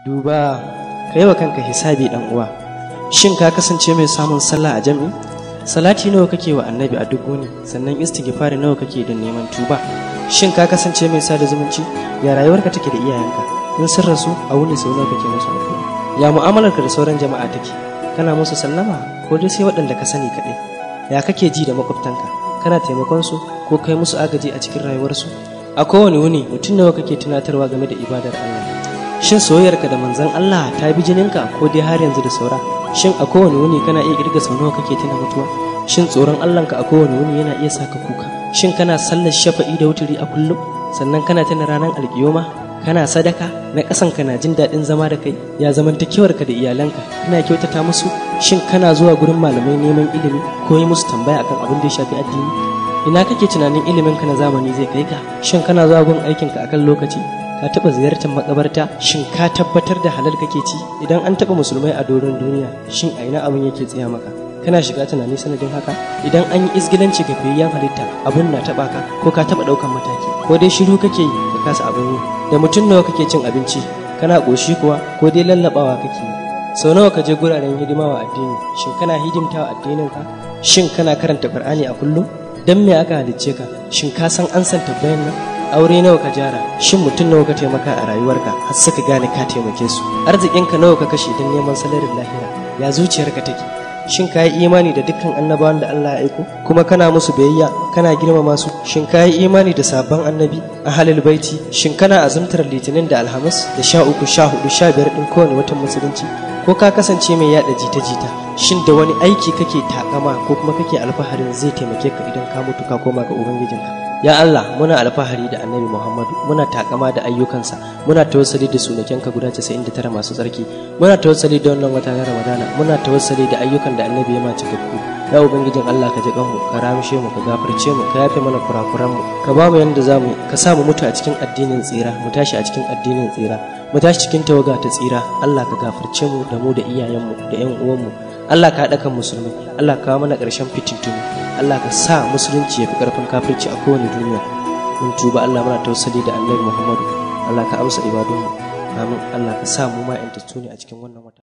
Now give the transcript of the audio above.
duba ka yi wa kanka hisabi dan uwa shin ka kasance mai samun sallah a jam'i salati nawa kake wa annabi a duk wuni sannan istighfari nawa kake da neman tuba shin ka kasance mai sada zumunci ya rayuwarka take da iyayenka in sun rasu a wuni sau nawa kake musu addu'a ya ka da sauran jama'a take kana musu sallama ko dai sai waɗanda ka sani kaɗai ya kake ji da makwabtanka kana taimakon su ko kai musu agaji a cikin rayuwarsu a kowane wuni mutum nawa kake tunatarwa game da ibadar Allah shin soyayyarka da manzon Allah ta bi jininka ko dai har yanzu da saura shin a kowane wuni kana iya kirga sau nawa kake tuna mutuwa shin tsoron Allahnka a kowane wuni yana iya saka kuka shin kana sallar shafa'i da wuturi a kullum sannan kana tana ranar alkiyoma kana sadaka na ƙasanka kana jin daɗin zama da kai ya zamantakewarka da iyalanka kana kyautata musu shin kana zuwa gurin malamai neman ilimi ko yi musu tambaya akan abin da ya shafi addini ina kake tunanin ilimin ka na zamani zai kai ka shin kana zuwa gurin aikinka akan lokaci ka taɓa ziyartar makabarta shin ka tabbatar da halal kake ci idan an taba musulmai a doron duniya shin a ina abin yake tsaya maka kana shiga tunani sanadin haka idan an yi izgilanci ga fiyayyen halitta abun na taɓa ka ko ka taba ɗaukan mataki ko dai shiru kake yi ka kasa abin yi da mutum nawa kake cin abinci kana ƙoshi kuwa ko dai lallabawa kake yi sau nawa ka je guraren hidima wa addini shin kana hidimta wa ka. shin kana karanta qur'ani a kullum dan me aka halicce ka shin ka san an san tabbayan nan aure nawa ka jara shin mutum nawa ka taimaka a rayuwarka har ka gane ka taimake su arzikinka nawa ka kashe don neman salarin lahira ya zuciyarka take shin ka yi imani da dukkan annabawan da Allah ya aiko kuma kana musu biyayya kana girmama su shin ka yi imani da sabon annabi a halil baiti shin kana azumtar litinin da alhamis da sha uku sha hudu sha biyar din kowane watan musulunci ko ka kasance mai yada jita-jita shin da wani aiki kake takama ko kuma kake alfaharin zai taimake ka idan ka mutu ka koma ga ubangijinka ya Allah muna alfahari da annabi Muhammadu muna takama da ayyukansa muna tawassali da sunakenka guda 99 masu tsarki muna tawassali da wannan wata na Ramadana muna tawassali da ayyukan da annabi ya mace gabku ya ubangijin Allah ka ji kanmu ka ramshe mu ka gafarce mu ka yafe mana kurakuran mu ka ba mu yanda zamu ka sa mu mutu a cikin addinin tsira mu tashi a cikin addinin tsira mu tashi cikin tawaga ta tsira Allah ka gafarce mu da mu da iyayenmu da yan uwanmu Allah ka haɗa kan musulmi Allah ka kawo mana ƙarshen fitintunu Allah ka sa musulunci ya fi karfin kafirci a kowane duniya mun tuba Allah mana tausali da Annabi Muhammadu Allah ka amsa ibadunmu amin Allah ka sa mu ma ne a cikin wannan wata